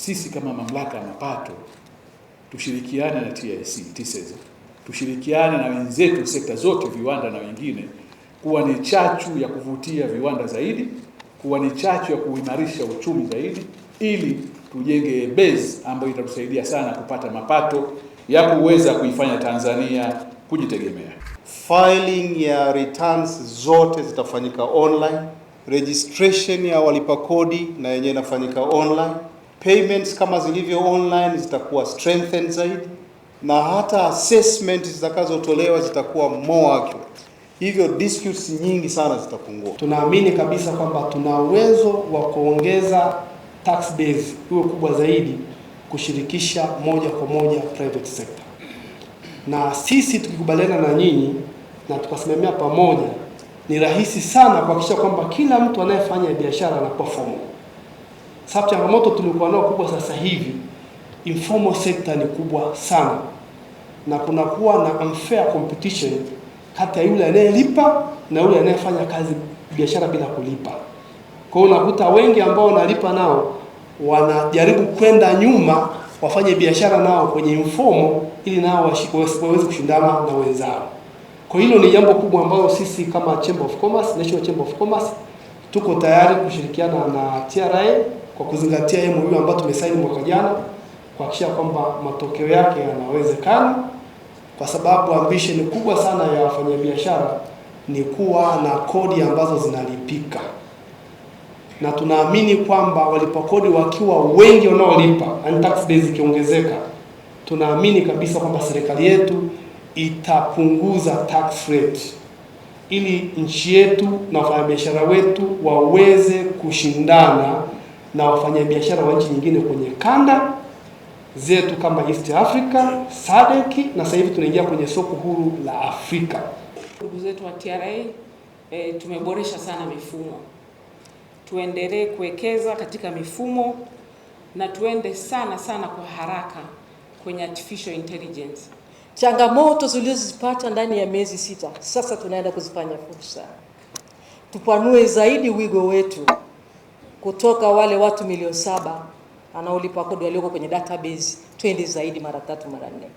sisi kama mamlaka ya mapato tushirikiane na TIC, TISEZA, tushirikiane na wenzetu sekta zote, viwanda na wengine, kuwa ni chachu ya kuvutia viwanda zaidi, kuwa ni chachu ya kuimarisha uchumi zaidi, ili tujenge base ambayo itatusaidia sana kupata mapato ya kuweza kuifanya Tanzania kujitegemea. Filing ya returns zote zitafanyika online, registration ya walipa kodi na yenyewe inafanyika online payments kama zilivyo online zitakuwa strengthened zaidi, na hata assessment zitakazotolewa zitakuwa more accurate, hivyo disputes nyingi sana zitapungua. Tunaamini kabisa kwamba tuna uwezo wa kuongeza tax base iwe kubwa zaidi, kushirikisha moja kwa moja private sector, na sisi tukikubaliana na nyinyi na tukasimamia pamoja, ni rahisi sana kuhakikisha kwamba kila mtu anayefanya biashara ana sababu changamoto tuliokuwa nao kubwa sasa hivi, informal sector ni kubwa sana, na kunakuwa na unfair competition kati ya yule anayelipa na yule anayefanya kazi biashara bila kulipa. Kwa hiyo unakuta wengi ambao wanalipa nao wanajaribu kwenda nyuma wafanye biashara nao kwenye informal ili nao waweze kushindana na wenzao. Kwa hilo ni jambo kubwa ambalo sisi kama Chamber of Commerce, National Chamber of Commerce tuko tayari kushirikiana na TRA kwa kuzingatia MOU ambayo tumesaini mwaka jana, kuhakikisha kwamba matokeo yake yanawezekana, kwa sababu ambition kubwa sana ya wafanyabiashara ni kuwa na kodi ambazo zinalipika, na tunaamini kwamba walipa kodi wakiwa wengi wanaolipa, and yaani tax base ikiongezeka, tunaamini kabisa kwamba serikali yetu itapunguza tax rate ili nchi yetu na wafanyabiashara wetu waweze kushindana na wafanyabiashara wa nchi nyingine kwenye kanda zetu kama East Africa, SADC na sasa hivi tunaingia kwenye soko huru la Afrika. Ndugu zetu wa TRA e, tumeboresha sana mifumo. Tuendelee kuwekeza katika mifumo na tuende sana sana kwa haraka kwenye artificial intelligence. Changamoto zilizozipata ndani ya miezi sita sasa tunaenda kuzifanya fursa, tupanue zaidi wigo wetu kutoka wale watu milioni saba anaolipa kodi walioko kwenye database twende zaidi mara tatu mara nne.